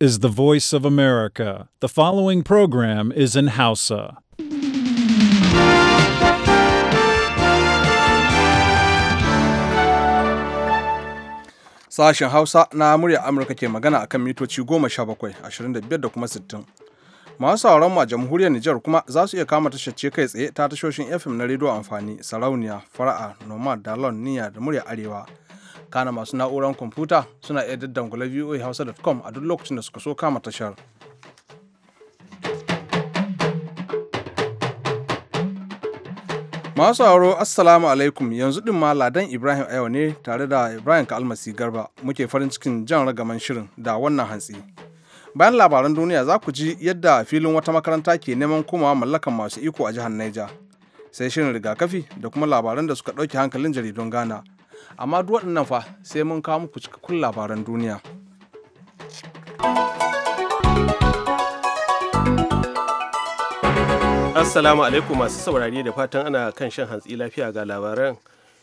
is the voice of America. The following program is in Hausa. Sashen Hausa na murya Amurka ke magana akan mitoci 17, 25 da kuma 60. Masu sauran ma jamhuriyar Nijar kuma za su iya kama tashar kai tsaye ta tashoshin FM na rediyo amfani, sarauniya, fara'a, nomad, dalon, niya da murya arewa. kana masu na'urar kwamfuta suna iya daddangula voahausa.com a duk lokacin da suka so kama tashar. Masu sauraro Assalamu alaikum yanzu din ma Ladan Ibrahim yau ne tare da Ibrahim Kalmasi Garba muke farin cikin jan ragaman shirin da wannan hantsi. Bayan labaran duniya za ku ji yadda filin wata makaranta ke neman komawa mallakan masu iko a jihar Niger. Sai shirin rigakafi da kuma labaran da suka ɗauke hankalin jaridun Ghana. amma duk waɗannan fa sai mun kawo muku cikakkun labaran duniya assalamu alaikum masu saurari da fatan ana kan shan hantsi lafiya ga labaran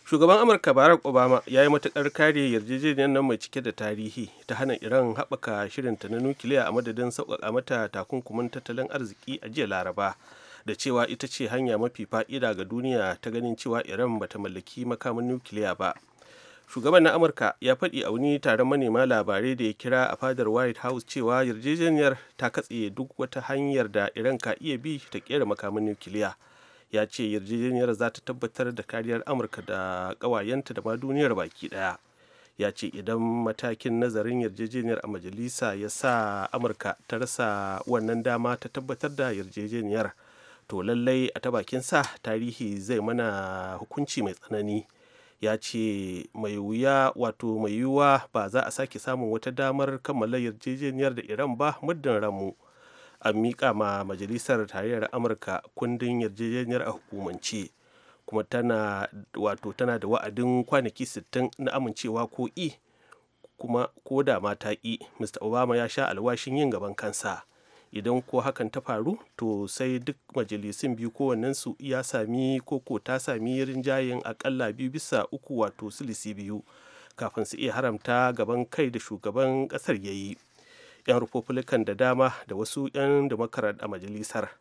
shugaban amurka barack obama ya yi matuƙar kare yarjejeniyar nan mai cike da tarihi ta hana iran haɓaka shirinta na nukiliya a madadin sauƙaƙa mata takunkumin tattalin arziki a jiya laraba da cewa ita ce hanya mafi fa'ida ga duniya ta ganin cewa iran ba ta mallaki makamin nukiliya ba shugaban na amurka ya faɗi a wani taron manema labarai da ya kira a fadar white house cewa yarjejeniyar ta katse duk wata hanyar da iran ka iya bi ta kera makamin nukiliya ya ce yarjejeniyar za ta tabbatar da kariyar amurka da kawayenta da ma duniyar baki ɗaya ya ce idan matakin nazarin yarjejeniyar a majalisa ya sa amurka ta rasa wannan dama ta tabbatar da yarjejeniyar to lallai a ta sa tarihi zai mana hukunci mai tsanani ya ce mai wuya wato mai yiwuwa ba za a sake samun wata damar kammala yarjejeniyar da iran ba muddin ranmu a miƙa ma majalisar tarayyar amurka kundin yarjejeniyar a hukumance kuma tana wato tana da wa'adin kwanaki 60 na amincewa ko i kuma ko da mata i mr obama ya sha alwashin yin gaban kansa idan ko hakan ta faru to sai duk majalisun biyu su ya sami ko ta sami rinjayen akalla biyu bisa uku wato silisi biyu kafin su iya haramta gaban kai da shugaban kasar ya yi 'yan republican da dama da wasu 'yan democrat a majalisar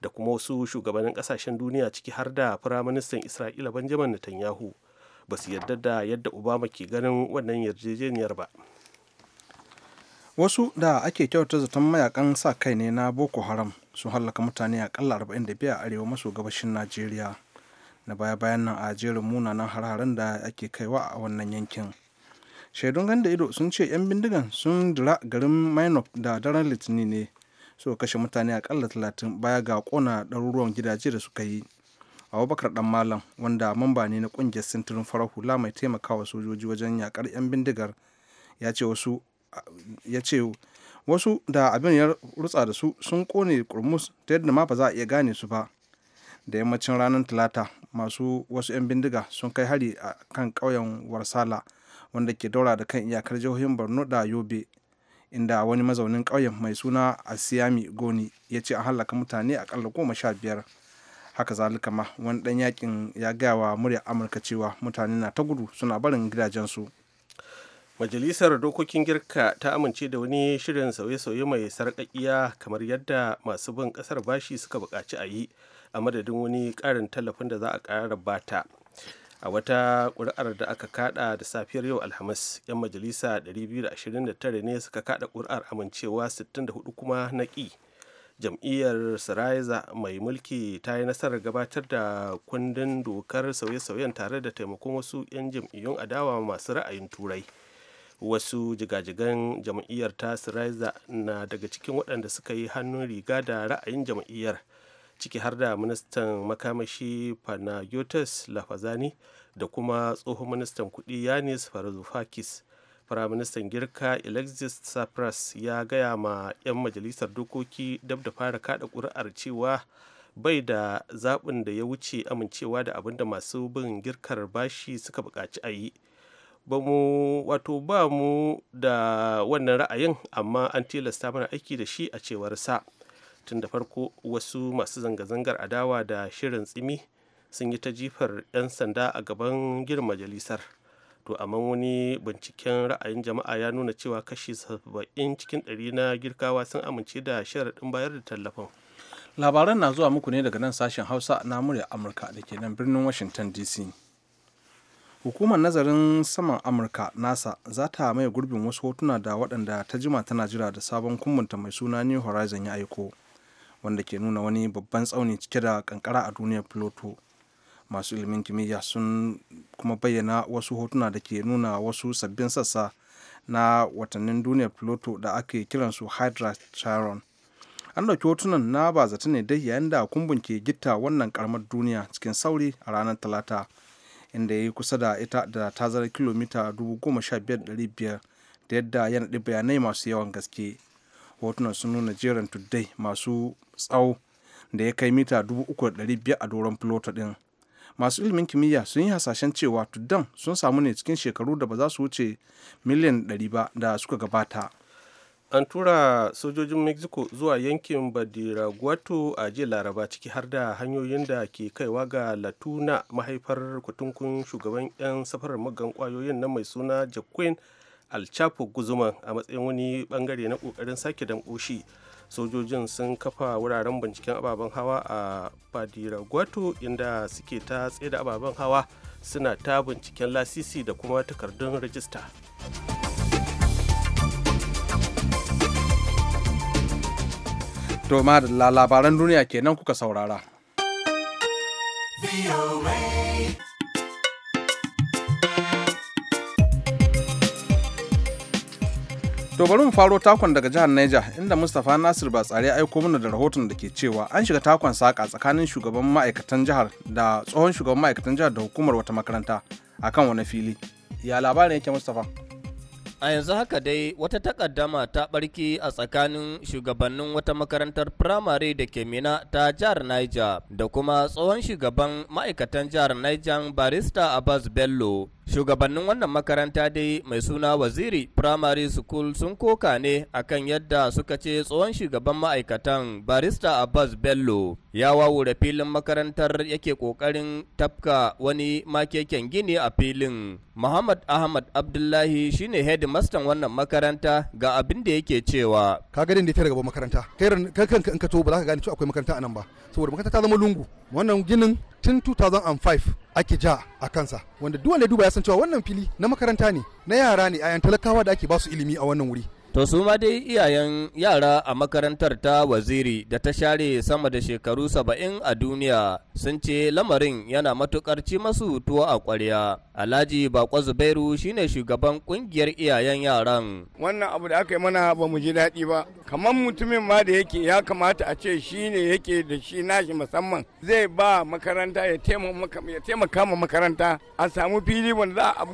da kuma wasu shugabannin kasashen duniya ciki har da firaministan isra'ila benjamin netanyahu ba su yarda da yadda obama ke ganin wannan yarjejeniyar ba wasu da ake kyauta zaton mayakan sa kai ne na boko haram sun hallaka mutane a kalla 45 a arewa maso gabashin najeriya na baya-bayan nan a jerin munanan harharan da ake kaiwa a wannan yankin shaidun ganda ido sun ce 'yan bindigan sun dira garin minok da daren litinin ne suka kashe mutane akalla 30 baya ga kona ɗaruruwan gidaje da suka yi abubakar dan malam wanda mamba ne na kungiyar sintirin farar hula mai taimakawa sojoji wajen yakar 'yan bindigar ya ce wasu ya ce wasu da abin ya rutsa da su sun kone kurmus ta yadda ma ba za a iya gane su ba da yammacin ranar talata masu wasu 'yan bindiga sun kai hari a kan ƙauyen warsala wanda ke daura da kan iyakar jihohin borno da yobe inda wani mazaunin ƙauyen mai suna asiyami goni ya ce an halaka mutane a akalla goma sha biyar haka zalika ma wani ɗan yakin ya gaya wa murya amurka cewa mutane na ta gudu suna barin gidajensu majalisar dokokin girka ta amince da wani shirin sauye-sauye mai sarƙaƙiya kamar yadda masu bin ƙasar bashi suka buƙaci a yi a madadin wani ƙarin tallafin da za a ƙara bata a wata ƙuri'ar da aka kada da safiyar yau alhamis 'yan majalisa 229 ne suka kada ƙuri'ar amincewa 64 kuma na ƙi jam'iyyar saraiza mai mulki ta yi nasarar gabatar da kundin dokar sauye-sauyen tare da taimakon wasu 'yan jam'iyyun adawa masu ra'ayin turai wasu jigajigan jam'iyyar ta siriza na daga cikin waɗanda suka yi hannun riga da ra'ayin jam'iyyar ciki har da ministan makamashi panayotis lafazani da kuma tsohon ministan kuɗi yanis farazufakis firaministan girka alexis tsipras ya gaya ma 'yan majalisar dokoki dab da fara kada ƙuri'ar cewa bai da zaɓin da ya wuce amincewa da abin da masu bin girkar bashi suka buƙaci a yi ba mu wato ba mu da wannan ra'ayin amma an tilasta mana aiki da shi a cewar sa tun da farko wasu masu zanga-zangar adawa da shirin tsimi sun yi ta jifar 'yan sanda a gaban gir majalisar to amma wani binciken ra'ayin jama'a ya nuna cewa kashi 70 cikin ɗari na girkawa sun amince da sharaɗin bayar da tallafin labaran na zuwa muku ne daga nan sashen hausa na murya amurka da ke nan birnin washington dc hukumar nazarin saman amurka nasa za ta maye gurbin wasu hotuna da waɗanda ta jima tana jira da sabon kumbunta mai suna new horizon ya aiko wanda ke nuna wani babban tsauni cike da kankara a duniyar plato masu ilimin kimiyya sun kuma bayyana wasu hotuna da ke nuna wasu sabbin sassa na watannin duniyar plato da ake kiransu hydra Chiron. an ɗauki hotunan na ba zata ne dai yayin da kumbun ke gitta wannan karamar duniya cikin sauri a ranar talata inda ya yi kusa da ita da tazarar kilomita 15,500 da yadda ya naɗi bayanai masu yawan gaske hotunan sun nuna jerin tuddai masu tsawo da ya kai mita 3,500 a doron filota ɗin masu ilimin kimiyya sun yi hasashen cewa tuddan sun samu ne cikin shekaru da ba za su wuce miliyan 100 ba da suka gabata an tura sojojin mexico zuwa yankin badiraguato a jiya laraba ciki har da hanyoyin da ke kaiwa ga latuna mahaifar kutunkun shugaban 'yan safarar magan kwayoyin nan mai suna jacquin alchapo guzuma a matsayin wani bangare na kokarin sake damkoshi sojojin sun kafa wuraren binciken ababen hawa a badiraguato inda suke ta tsaye da ababen hawa suna ta binciken lasisi da kuma takardun rajista. To ma da labaran duniya kenan kuka saurara. To bari mu faro takon daga jihar Niger inda Mustapha Nasir Batsari ya aiko mana da rahoton da ke cewa an shiga takon saka tsakanin shugaban ma'aikatan jihar da tsohon shugaban ma'aikatan jihar da hukumar wata makaranta akan wani fili. Ya labarin yake Mustapha? A yanzu haka dai wata takaddama ta barki a tsakanin shugabannin wata makarantar firamare da ke mina ta jihar Niger da kuma tsohon shugaban ma'aikatan jihar Niger barista Abbas Bello Shugabannin wannan makaranta dai mai suna Waziri Primary School sun koka ne akan yadda suka ce tsohon shugaban ma'aikatan barista Abbas Bello ya wawure filin makarantar yake kokarin tafka wani makeken gini a filin. Muhammad Ahmad Abdullahi shine master wannan makaranta ga abin da yake cewa. Ka ga da ta gaba makaranta. Kai kanka in ka to ba za ka gane cewa akwai makaranta a nan ba. Saboda makaranta ta zama lungu. wannan ginin tun 2005 ake ja a kansa wanda duk duba ya san cewa wannan fili na makaranta ne na yara ne a 'yan talakawa da ake basu ilimi a wannan wuri To su ma dai iyayen yara a makarantar ta waziri da ta share sama da shekaru saba'in a duniya sun ce lamarin yana matukar ci masu tuwo a kwarya. Alhaji Bako Zubairu shine shugaban kungiyar iyayen yaran. Wannan abu da aka yi mana ba mu ji daɗi ba. Kamar mutumin ma da yake ya kamata a ce shi ne yake da shi nashi musamman zai ba makaranta ya taimaka ma makaranta a samu fili wanda za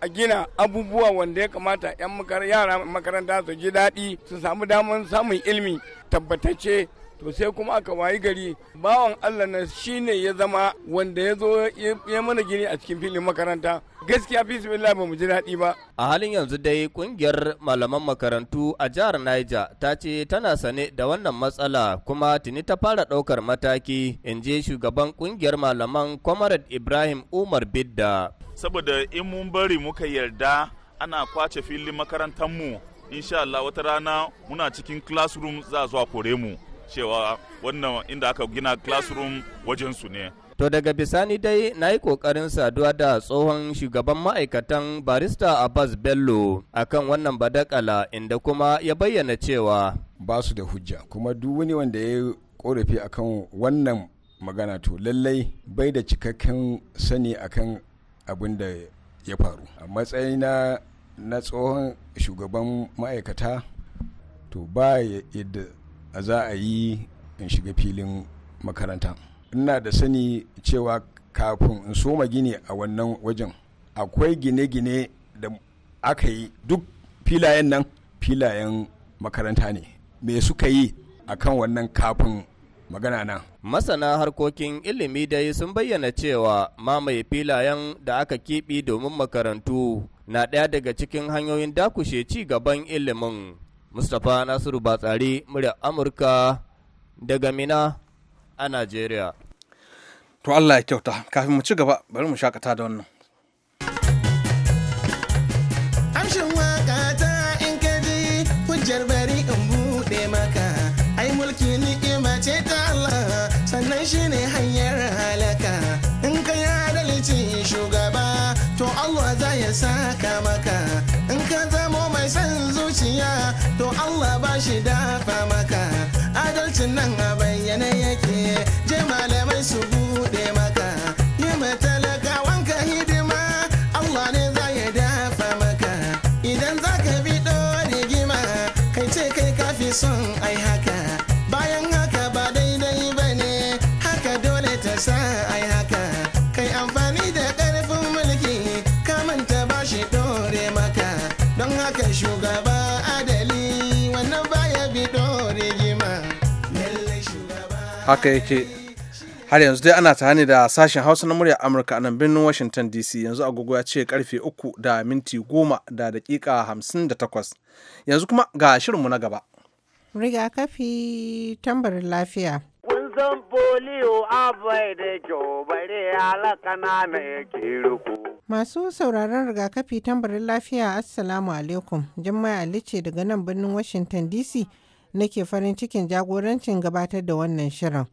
a gina abubuwa wanda ya kamata 'yan yara makaranta su ji daɗi su samu damar samun ilimi tabbatacce to sai kuma aka wayi gari bawan allah na shine ya zama wanda ya zo ya mana gini a cikin filin makaranta gaskiya fi ba mu ji daɗi ba a halin yanzu dai kungiyar malaman makarantu a jihar niger ta ce tana sane da wannan matsala kuma tuni ta fara ɗaukar mataki in je shugaban kungiyar malaman comrade ibrahim umar bidda saboda in mun bari muka yarda ana kwace filin makarantar mu insha Allah wata rana muna cikin classroom za zuwa kore mu cewa wannan inda aka gina classroom wajen su ne to daga bisani dai na yi kokarin saduwa da tsohon shugaban ma'aikatan barista abbas bello akan wannan badakala inda kuma ya bayyana cewa ba su da hujja kuma duk wani wanda ya yi korafi akan wannan magana to lallai bai da cikakken sani akan abin da ya faru a matsayina na tsohon shugaban ma'aikata to ba yadda za a yi in shiga filin makaranta ina da sani cewa kafin in soma gini a wannan wajen akwai gine-gine da aka yi duk filayen nan filayen makaranta ne me suka yi a kan wannan kafin magana nan masana harkokin ilimi dai sun bayyana cewa mamaye filayen da aka kiɓi domin makarantu na ɗaya daga cikin hanyoyin dakushe ci gaban ilimin. Mustapha Nasiru Batsari, murya Amurka daga Mina a Najeriya. To Allah ya kyauta, kafin mu ci gaba, bari mu shakata da wannan. sunan a bayyana yake haka yake har yanzu dai ana tare hane da sashen hausa na murya amurka a nan birnin washington dc yanzu agogo ya ce karfe 3 da minti 10 da dakika 58 yanzu kuma ga shirinmu na gaba rigakafi tambarin lafiya zan foliyo abai da kyau bare na Masu sauraron rigakafi tambarin lafiya Assalamu alaikum. jimma'i Ali ce daga nan birnin Washington DC nake farin cikin jagorancin gabatar da wannan shirin.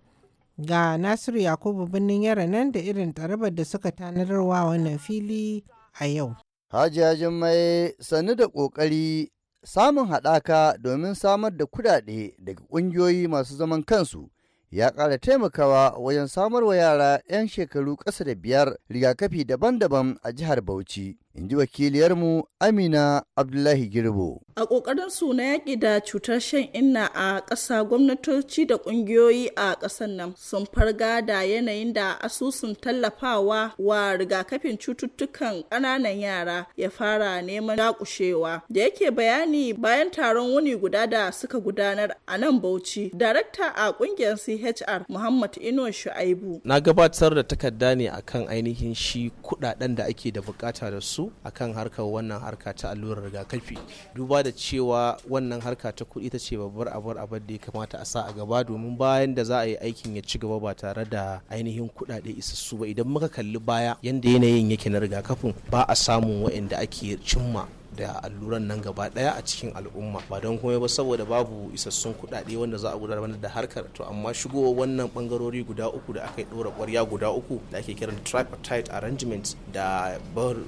Ga Nasiru Yakubu birnin yara nan da irin tarabar da suka tanarwa wannan fili a yau. Hajiya mai sannu da ƙoƙari samun haɗaka domin samar da kuɗaɗe daga ƙungiyoyi masu zaman kansu ya ƙara taimakawa wajen samar wa yara 'yan shekaru ƙasa da biyar rigakafi daban-daban a jihar Bauchi. in ji wakiliyarmu Amina Abdullahi Girbo. A ƙoƙarin su na yaki da cutar shan inna a ƙasa gwamnatoci da ƙungiyoyi a ƙasar nan sun farga da yanayin da asusun tallafawa wa rigakafin cututtukan ƙananan yara ya fara neman dakushewa. Da yake bayani bayan taron wuni guda da suka gudanar a nan Bauchi, darakta a ƙungiyar CHR Muhammad Ino Shu'aibu. Na gabatar da takarda ne akan ainihin shi kuɗaɗen da ake da bukata da su a kan harkar wannan harka ta allurar rigakafi duba da cewa wannan harka ta kuɗi ta ce babbar abar abar da ya kamata a sa a gaba domin bayan da za a yi aikin ya ci gaba ba tare da ainihin kuɗaɗe isassu ba idan muka kalli baya yanda yanayin yake na rigakafin ba a samun waɗanda ake cimma da alluran nan gaba daya a cikin al'umma ba don komai ba saboda babu isassun kuɗaɗe wanda za a gudanar da harkar to amma shigowa wannan bangarori guda uku da aka yi ɗora ƙwarya guda uku da ake kiran tripartite arrangement da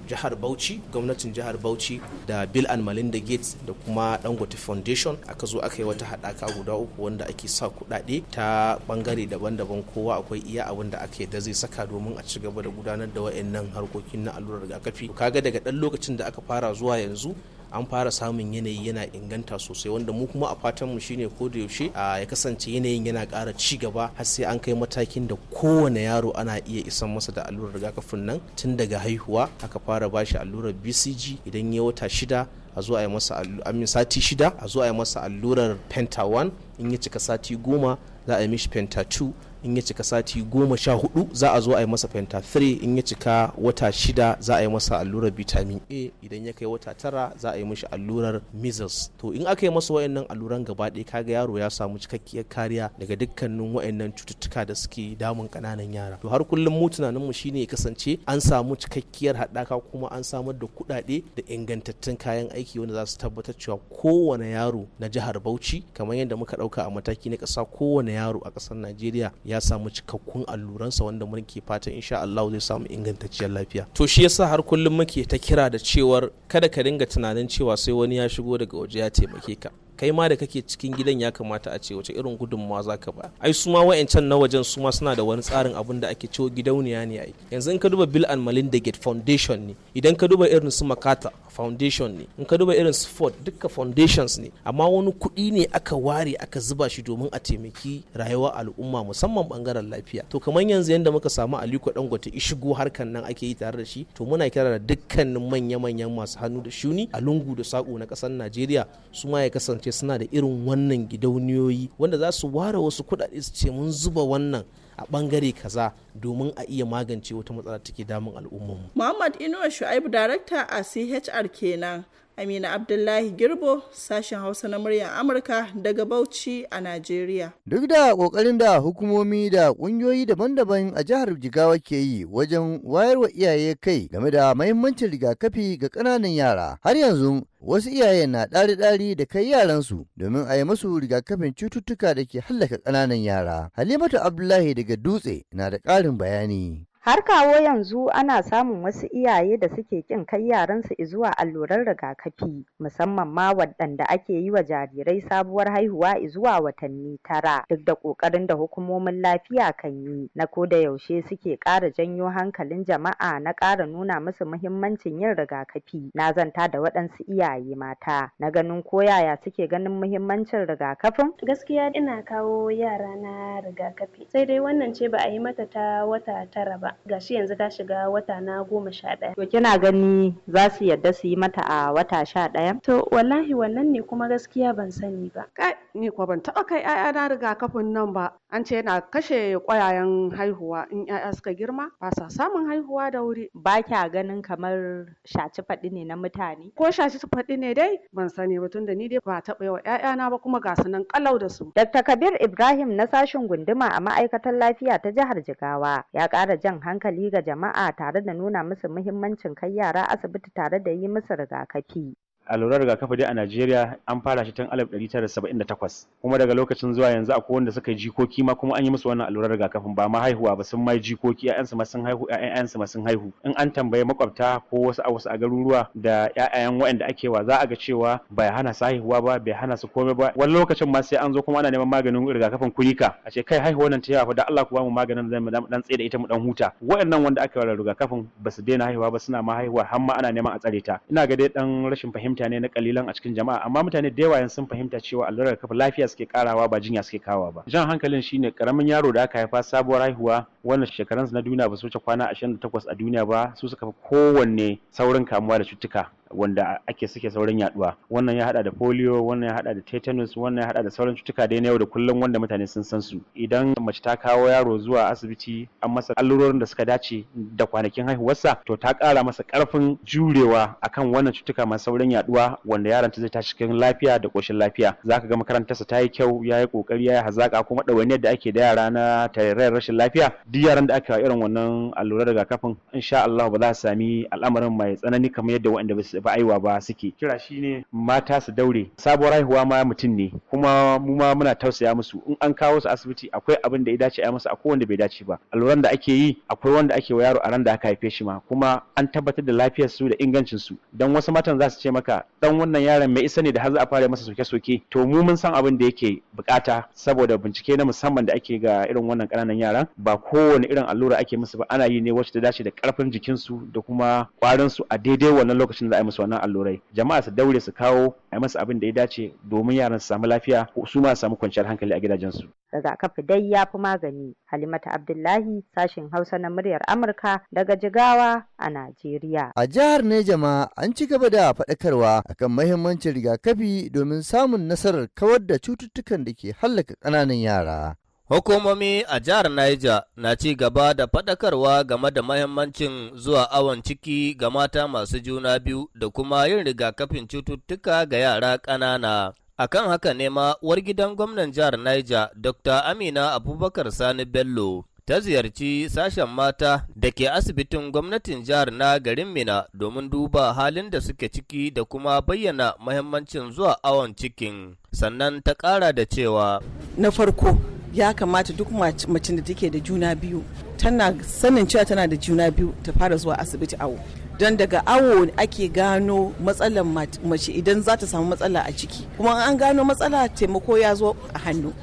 jihar Bauchi gwamnatin jihar Bauchi da Bill and Melinda Gates da kuma Dangote Foundation aka zo aka yi wata haɗaka guda uku wanda ake sa kuɗaɗe ta bangare daban-daban kowa akwai iya abin da yi da zai saka domin a ci gaba da gudanar da wa'annan harkokin na allurar rigakafi kaga daga ɗan lokacin da aka fara zuwa yanzu yanzu an fara samun yanayi yana inganta sosai wanda mu kuma a fatan mu shine ko da yaushe a ya kasance yanayin yana ƙara ci gaba har sai an kai matakin da kowane yaro ana iya isan masa da allurar rigakafin nan tun daga haihuwa aka fara bashi allurar BCG idan ya wata shida a zo a yi masa amin sati shida a zo a yi masa allurar penta 1 in ya cika sati goma za a yi mishi penta 2 in ya cika sati goma sha hudu za a zo a yi masa fenta 3 in ya cika wata shida za a yi masa allurar vitamin a idan ya kai wata tara za a yi mishi allurar measles to in aka yi masa wayannan alluran gaba ɗaya kaga yaro ya samu cikakkiyar kariya daga dukkanin wayannan cututtuka da suke damun kananan yara to har kullum mu tunanin mu shine ya kasance an samu cikakkiyar haɗaka kuma an samar da kuɗaɗe da ingantattun kayan aiki wanda za su tabbatar cewa kowane yaro na jihar Bauchi kamar yadda muka ɗauka a mataki na ƙasa kowane yaro a ƙasar Najeriya ya samu cikakkun alluransa wanda mun ke fatan insha Allah zai samu ingantacciyar lafiya to shi yasa har kullum muke ta kira da cewar kada ka dinga tunanin cewa sai wani ya shigo daga waje ya taimake ka kai ma da kake cikin gidan ya kamata a ce wace irin gudunmawa za ka ba ai su ma wa'ancan na wajen su ma suna da wani tsarin abin da ake ciwo gidauniya ne ai yanzu in ka duba bill and melinda gate foundation ne idan ka duba irin su makata foundation ne in ka duba irin su ford duka foundations ne amma wani kuɗi ne aka ware aka zuba shi domin a taimaki rayuwa al'umma musamman bangaren lafiya to kamar yanzu yadda muka samu aliko dangote ishigo harkan nan ake yi tare da shi to muna kira da dukkanin manya-manyan masu hannu da shuni a lungu da saƙo na ƙasar najeriya su ma ya kasance ke suna da irin wannan gidauniyoyi wanda za su ware wasu kuɗaɗe su ce mun zuba wannan a bangare kaza domin a iya magance wata matsala take damun al'ummarmu. Muhammad Inuwa Shu'aibu darakta a CHR kenan Amina Abdullahi Girbo, sashen Hausa na muryar Amurka daga Bauchi a Najeriya. Duk da ƙoƙarin da hukumomi da ƙungiyoyi daban-daban a jihar Jigawa ke yi wajen wayarwa iyaye kai game da mahimmancin rigakafi ga ƙananan yara, har yanzu wasu iyaye na ɗari-ɗari da kai yaransu domin a yi musu rigakafin cututtuka da ke hallaka ƙananan yara. Halimatu Abdullahi daga Dutse na da ƙarin bayani. Har kawo yanzu ana samun wasu iyaye da suke ƙin kai yaransu izuwa alluran rigakafi, musamman ma waɗanda ake yi wa jarirai sabuwar haihuwa izuwa watanni tara, duk da ƙoƙarin da hukumomin lafiya kan yi na ko da yaushe suke ƙara janyo hankalin jama'a na ƙara nuna musu muhimmancin yin rigakafi. Na zanta da waɗansu iyaye mata na ganin ko yaya suke ganin muhimmancin rigakafin. Gaskiya ina kawo yarana rigakafi, sai dai wannan ce ba a yi mata ta wata tara ba. gashi yanzu ta shiga wata na goma sha ɗaya. To kina gani za su yadda su yi mata a wata sha ɗaya? To wallahi wannan ne kuma gaskiya ban sani ba. Kai ni kuwa ban taɓa kai ‘ya'ya na rigakafin nan ba an ce yana kashe ƙwayayen haihuwa in ‘ya'ya suka girma ba sa samun haihuwa da wuri. Ba kya ganin kamar shaci faɗi ne na mutane? Ko shaci faɗi ne dai ban sani ba tunda ni dai ba taɓa yawa ‘ya'ya ba kuma ga su nan ƙalau da su. Dr. Kabir Ibrahim na sashen gunduma a ma'aikatar lafiya ta jihar Jigawa ya ƙara jan hankali ga jama'a tare da nuna musu muhimmancin kai yara asibiti tare da yi musu rigakafi. allurar rigakafi dai a Najeriya an fara shi tun 1978 kuma daga lokacin zuwa yanzu akwai wanda suka yi jikoki ma kuma an yi musu wannan allurar rigakafin ba ma haihuwa ba sun mai jikoki ƴaƴansu ma sun haihu ƴaƴansu ma sun haihu in an tambaye makwabta ko wasu a wasu a garuruwa da ƴaƴayen waɗanda ake wa za a ga cewa bai hana su haihuwa ba bai hana su komai ba wani lokacin ma sai an zo kuma ana neman maganin rigakafin kunika a ce kai haihuwa nan ta yawa da Allah ku ba mu maganin zai mu dan tsaye da ita mu dan huta waɗannan wanda aka rigakafin ba su daina haihuwa ba suna ma haihuwa har ma ana neman a tsare ta ina ga dai dan rashin fahimta mutane na kalilan a cikin jama'a amma mutane da yawa sun fahimta cewa allurar kafa lafiya suke karawa ba jinya suke kawa ba jan hankalin shine karamin yaro da aka haifa sabuwar haihuwa wannan shekaransu na duniya ba su wuce kwana 28 a duniya ba su suka fi kowanne saurin kamuwa da cutuka wanda ake suke saurin yaduwa wannan ya hada da polio wannan ya hada da tetanus wannan ya hada da sauran cutuka da yau da kullum wanda mutane sun san su idan mace ta kawo yaro zuwa asibiti an masa allurorin da suka dace da kwanakin haihuwarsa to ta kara masa karfin jurewa akan wannan cutuka masu sauran yaduwa wanda yaron ta zai tashi cikin lafiya da koshin lafiya zaka ga makarantarsa ta yi kyau ya yi kokari ya yi hazaka kuma wani da ake da yara na tarayyar rashin lafiya duk yaran da aka irin wannan allurar rigakafin insha Allah ba za su sami al'amarin mai tsanani kamar yadda waɗanda ba su ba aiwa ba suke kira ne mata su daure sabuwar haihuwa ma mutum ne kuma mu ma muna tausaya musu in an kawo su asibiti akwai abin da ya dace a masa akwai wanda bai dace ba alluran da ake yi akwai wanda ake wa yaro a ran da aka haife shi ma kuma an tabbatar da lafiyar su da ingancin su dan wasu matan za su ce maka dan wannan yaron mai isa ne da har za a fara masa soke-soke to mu mun san abin da yake bukata saboda bincike na musamman da ake ga irin wannan kananan yaran ba kowane irin allura ake musu ba ana yi ne wacce ta dace da karfin jikinsu da kuma kwarin su a daidai wannan lokacin da a musu wannan allurai jama'a su daure su kawo a masu abin da ya dace domin yaran su samu lafiya ko su ma samu kwanciyar hankali a gidajensu rigakafi dai ya fi magani halimata abdullahi sashen hausa na muryar amurka daga jigawa a najeriya a jihar nejama an ci gaba da faɗakarwa akan mahimmancin rigakafi domin samun nasarar kawar da cututtukan da ke hallaka ƙananan yara Hukumomi a jihar Niger na ci gaba da faɗakarwa game da mahimmancin zuwa awon ciki ga mata masu juna biyu da kuma yin rigakafin cututtuka ga yara ƙanana. a kan haka ne ma uwar gidan gwamnan jihar Niger Dr. Amina Abubakar Sani Bello ta ziyarci sashen mata da ke asibitin gwamnatin jihar na garin Mina domin duba halin da suke ciki da kuma bayyana mahimmancin zuwa awon cikin. Sannan ta ƙara da cewa. Na farko ya kamata duk macin da take da juna biyu tana sanin cewa tana da juna biyu ta fara zuwa asibiti awo don daga awo ake gano matsalar mace idan za ta samu matsala a ciki kuma an gano matsala taimako ya zo a hannu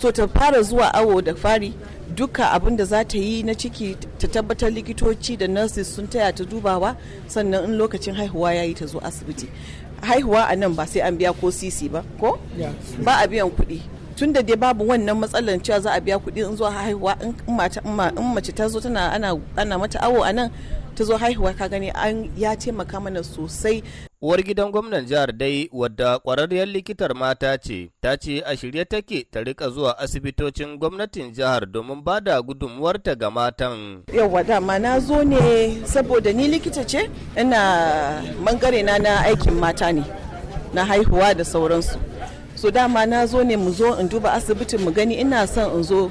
so ta fara zuwa awo da fari duka abin da za ta yi na ciki ta tabbatar likitoci da nurses sun taya ta dubawa sannan in lokacin haihuwa ya yi ta zo asibiti haihuwa a nan ba sai an biya ko sisi ba ko ba a biyan kuɗi tun da dai babu wannan matsalar cewa za a biya kuɗi in zuwa haihuwa in mace ta zo tana ana mata awo a nan ta zo haihuwa ka gani an ya taimaka mana sosai uwar gidan gwamnan jihar dai wadda kwararriyar likitar mata ce ta ce a shirye take ta rika zuwa asibitocin gwamnatin jihar domin ba da gudunmuwarta ga matan yawwa dama na zo ne saboda ni likita ce ina bangare na na aikin mata ne na haihuwa da sauransu so dama na zo ne mu zo in duba asibitin mu gani ina son in zo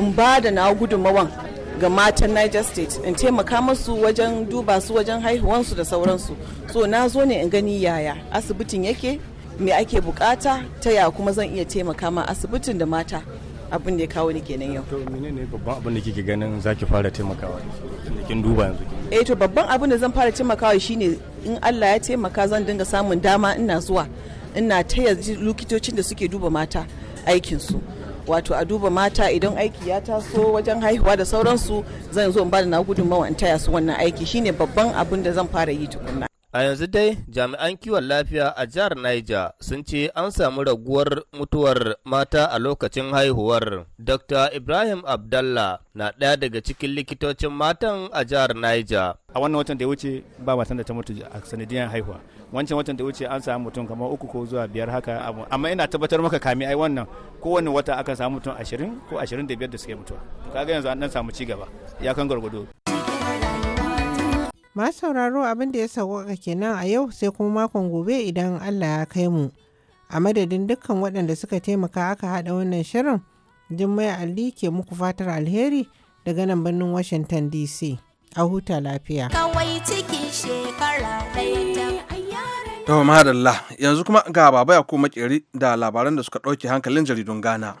in ba da na gudunmawan ga matan Niger State in taimaka masu wajen duba su wajen haihuwansu da sauransu so na zo ne in gani yaya asibitin yake me ake bukata ta ya kuma zan iya taimaka ma asibitin da mata abin da ya kawo ni kenan yau. To menene babban abin da kike ganin zaki fara taimakawa da kin duba yanzu? Eh to babban abin da zan fara taimakawa shine in Allah ya taimaka zan dinga samun dama ina zuwa ina taya likitocin da suke duba mata aikinsu wato a duba mata idan aiki ya taso wajen haihuwa da sauransu zan zo in ba da na gudunmawa in taya su wannan aiki shine babban abin da zan fara yi tukunna A yanzu dai jami'an kiwon lafiya a jihar Niger sun ce an samu raguwar mutuwar mata a lokacin haihuwar. Dr. Ibrahim Abdallah na ɗaya daga cikin likitocin matan a jihar Niger. A wannan watan da ya wuce ba matan da ta mutu a sanadiyar haihuwa. Wancan watan da ya wuce an samu mutum kamar uku ko zuwa biyar haka abu. Amma ina tabbatar maka kami ai wannan kowane wata aka samu mutum ashirin ko ashirin da biyar da suke mutuwa. Kaga yanzu an samu ci gaba. Ya kan gwargwado. Ma sauraro abin da ya sauwaka kenan a yau sai kuma makon gobe idan Allah ya kai mu. A madadin dukkan waɗanda suka taimaka aka haɗa wannan shirin, Jummai Ali ke muku fatar alheri daga nan birnin Washington DC. A huta lafiya. Kawai cikin shekara ɗaya ta. yanzu kuma ga baba ya ko makeri da labaran da suka ɗauke hankalin jaridun Ghana.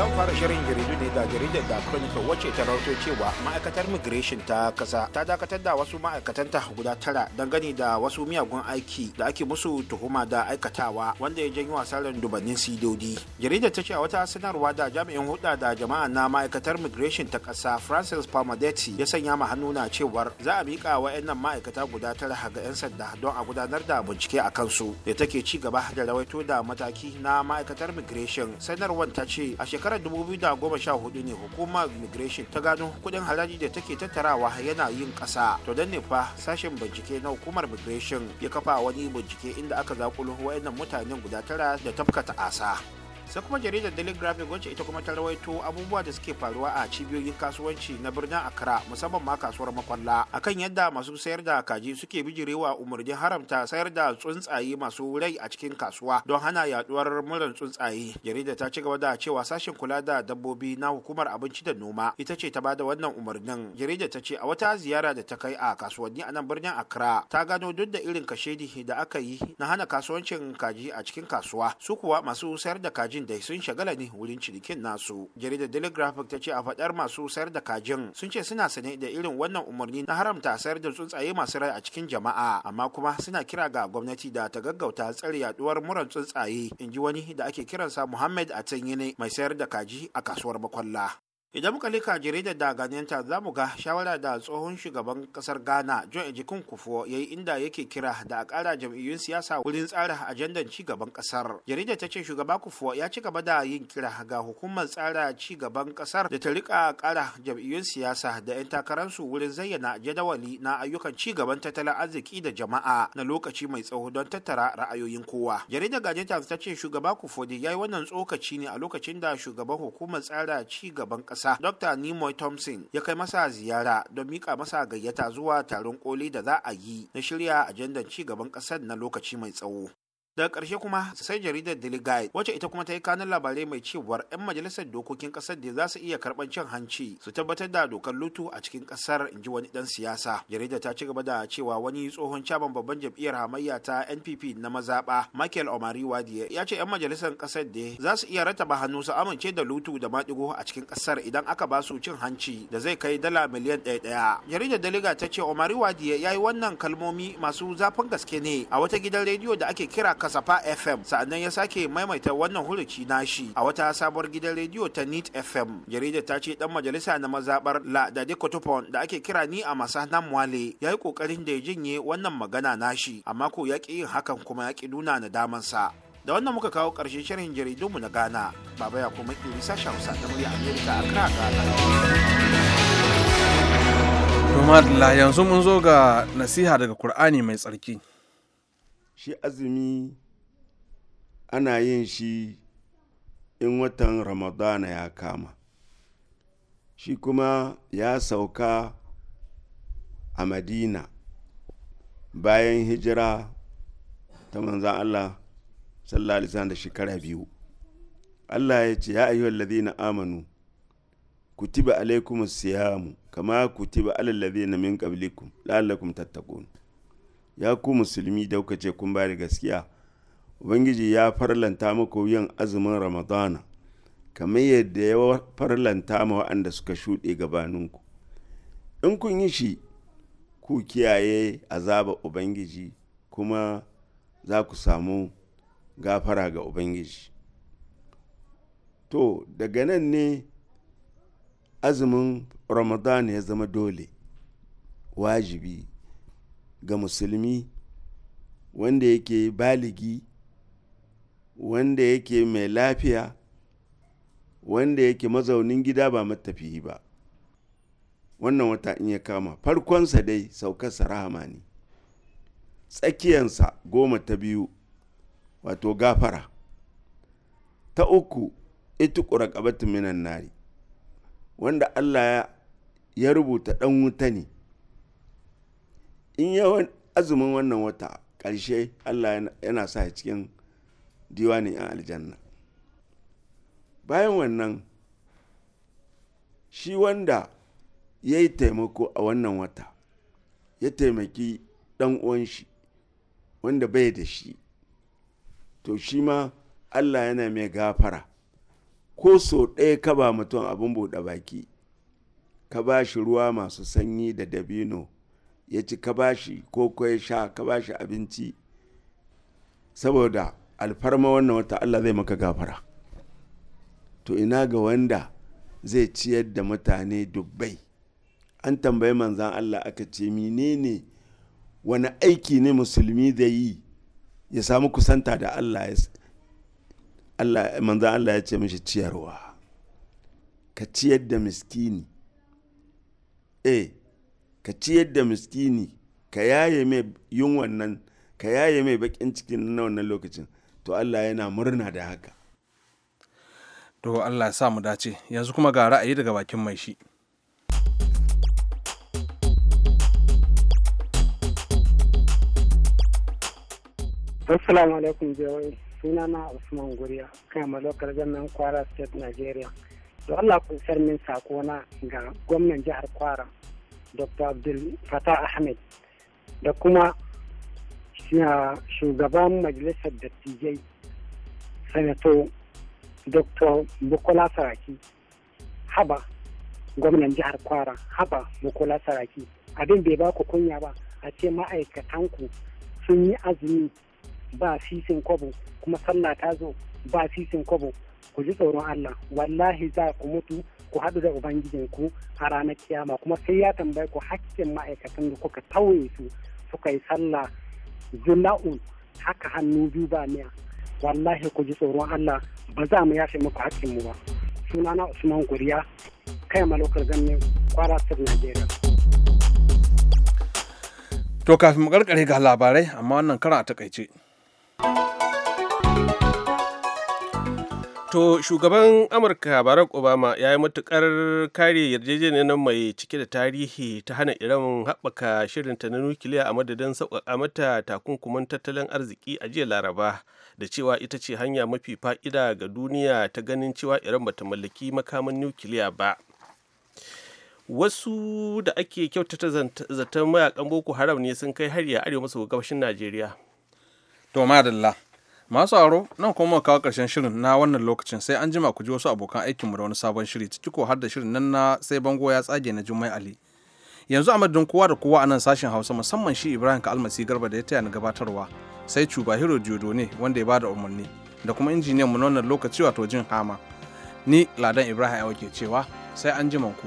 zan fara shirin jaridu ne da jaridar da chronicle wacce ta rawato cewa ma'aikatar migration ta kasa ta dakatar da wasu ma'aikatanta guda tara gani da wasu miyagun aiki da ake musu tuhuma da aikatawa wanda ya janyo asarar dubannin sidodi jaridar ta ce a wata sanarwa da jami'in hulɗa da jama'a na ma'aikatar migration ta kasa francis palmadetti ya sanya ma hannu na cewar za a miƙa wa'annan ma'aikata guda tara ga 'yan sanda don a gudanar da bincike a kansu da take ci gaba da rawaito da mataki na ma'aikatar migration sanarwar ta ce a shekarar shekarar 2014 ne hukumar immigration ta gano kudin haraji da take tattarawa yana yin ƙasa to don ne fa sashen bincike na hukumar immigration ya kafa wani bincike inda aka zakulo wayannan mutanen guda tara da tafkata asa sai kuma jaridar daily graphic wacce ita kuma ta rawaito abubuwa da suke faruwa a cibiyoyin kasuwanci na birnin accra musamman ma kasuwar makwalla akan yadda masu sayar da kaji suke bijirewa umarnin haramta sayar da tsuntsaye masu rai a cikin kasuwa don hana yaduwar murar tsuntsaye jaridar ta ci gaba da cewa sashen kula da dabbobi na hukumar abinci da noma ita ce ta bada wannan umarnin jaridar ta ce a wata ziyara da ta kai a kasuwanni a nan birnin accra ta gano duk da irin kashedi da aka yi na hana kasuwancin kaji a cikin kasuwa su kuwa masu sayar da kaji kajin da sun shagala ne wurin cinikin nasu jaridar daily ta ce a faɗar masu sayar da kajin sun ce suna sane da irin wannan umarni na haramta sayar da tsuntsaye masu rai a cikin jama'a amma kuma suna kira ga gwamnati da ta gaggauta tsare yaduwar muran tsuntsaye in ji wani da ake kiransa muhammad atanyene mai sayar da kaji a kasuwar makwalla idan muka lika jaridar da ganinta za mu ga shawara da tsohon shugaban kasar ghana john ejikun kufuwa ya yi inda yake kira da a kara jam'iyyun siyasa wurin tsara ajandan ci kasar jaridar ta ce shugaba kufo ya ci gaba da yin kira ga hukumar tsara cigaban kasar da ta rika kara jam'iyyun siyasa da 'yan takararsu wurin zayyana jadawali na ayyukan ci tattalin arziki da jama'a na lokaci mai tsawo don tattara ra'ayoyin kowa jaridar ganinta ta ce shugaba kufuwa ya yi wannan tsokaci ne a lokacin da shugaban hukumar tsara ci kasar dr nimoy thompson ya kai masa ziyara don mika masa gayyata zuwa taron koli da za a yi na shirya ajandar ci gaban kasar na lokaci mai tsawo daga karshe kuma sai jaridar daily guide wacce ita kuma ta yi kanun labarai mai cewar 'yan majalisar dokokin kasar da za su iya karɓar cin hanci su tabbatar da dokar lutu a cikin ƙasar in ji wani dan siyasa jaridar ta ci gaba da cewa wani tsohon caban babban jam'iyyar hamayya ta npp na mazaɓa michael omari wadiye ya ce 'yan majalisar ƙasar da za su iya rataba hannu su amince da lutu da maɗigo a cikin kasar idan aka ba su cin hanci da zai kai dala miliyan ɗaya ɗaya jaridar daliga ta ce omari wadiye ya yi wannan kalmomi masu zafin gaske ne a wata gidan rediyo da ake kira kasafa fm sa'annan ya sake maimaita wannan huruci nashi a wata sabuwar gidan rediyo ta nit fm jarida ta ce dan majalisa na mazabar la da cotopon da ake kira ni a nan wale ya yi kokarin da ya jinye wannan magana nashi amma ko ya ki yin hakan kuma ya ki nuna na daman sa da wannan muka kawo ƙarshen shirin jaridunmu na ghana baba ya kuma ƙiri sashen hausa da murya amerika a kira ghana yanzu mun zo ga nasiha daga kur'ani mai tsarki shi azumi ana yin shi in watan ramadana ya kama shi kuma ya sauka a madina bayan hijira ta manzan allah sallallahu alaihi da shekara biyu allah ya ce ya ayyuhal ladina amanu kutiba alaikum siyamu kama kutiba alal ladina min qablikum la'allakum tattaqun ya ku musulmi daukace kun ba gaskiya ubangiji ya farlanta muku yin azumin ramadana kamar yadda ya farlanta ma waɗanda suka shuɗe gabaninku in kun yi shi ku kiyaye azaba ubangiji kuma za ku samu gafara ga ubangiji to daga nan ne azumin ramadana ya zama dole wajibi ga musulmi wanda yake baligi wanda yake mai lafiya wanda yake mazaunin gida ba matafiyi ba wannan wata in ya kama farkonsa dai saukarsa rahama ne tsakiyansa goma ta biyu wato gafara ta uku ita ƙura minan nari wanda allah ya rubuta ɗan wuta ne in yawan azumin wannan wata ƙarshe allah yana sa ya cikin diwanin 'yan aljanna bayan wannan shi wanda ya yi taimako a wannan wata ya taimaki ɗan uwan shi wanda bai da shi to shi ma allah yana mai gafara ko so ɗaya ka ba mutum abin buɗe baki ka ba shi ruwa masu sanyi da dabino ya ci ka bashi ko ko ya sha ka bashi abinci saboda alfarma wannan wata Allah zai maka gafara to ina ga wanda zai ciyar da mutane dubbai an tambayi manzan Allah aka ce menene wani aiki ne musulmi da yi ya samu kusanta da Allah Allah manzan Allah ya ce mishi ciyarwa ka ciyar da miskini eh ka ciyar da miskini ka yaye mai yin wannan ka yaye mai bakin cikin na wannan lokacin to Allah yana murna da haka to Allah ya sa mu dace yanzu kuma ga ra'ayi daga bakin mai shi Assalamu alaikum jawai suna na Usman Guriya kai malokar gannan Kwara State Nigeria. Da Allah kun min na ga gwamnan jihar Kwara dr abdul fata ahmed da kuma shugaban majalisar dattijai sanato dr bukola saraki haba gwamnan jihar kwara haba bukola saraki abin bai ba ku kunya ba a ce ma'aikatanku sun yi azumi ba sisin kwabo kuma sallah ta zo ba sisin kwabo ku ji tsoron allah wallahi za ku mutu ku haɗu da ubangijinku a ranar kiyama kuma sai ya tambaye ku hakkin ma'aikatan da kuka tauye su suka yi sallah zula'un haka hannu biyu ba miya wallahi ku ji tsoron Allah ba za mu yashe muku hakkin mu ba sunana Usman Guriya kai malokar ganin kwara sir Najeriya to kafin mu karkare ga labarai amma wannan kara a takaice To shugaban Amurka Barack Obama ya yi matukar kare yarjejeniyar mai cike da tarihi ta hana Iran haɓaka shirinta na nukiliya a madadin sauƙaƙa mata takunkuman tattalin arziki a jiya Laraba da cewa ita ce hanya mafi fa'ida ga duniya ta ganin cewa Iran bata mallaki makaman nukiliya ba. Wasu da ake kyautata zaton mayakan Boko Haram ne sun kai hari a arewa maso gabashin Najeriya. To madalla. Masu aro nan kuma kawo ƙarshen shirin na wannan lokacin sai an jima ku ji wasu abokan aikinmu da wani sabon shiri ciki ko har da shirin nan na sai bango ya tsage na Jummai Ali. Yanzu a madadin kowa da kowa a nan sashen Hausa musamman shi Ibrahim Kalmasi Garba da ya taya ni gabatarwa sai Cuba Cubahiro Jodo ne wanda ya bada umarni da kuma injiniyan mu na wannan lokaci wato jin hama. Ni Ladan Ibrahim ya ke cewa sai an jima ku.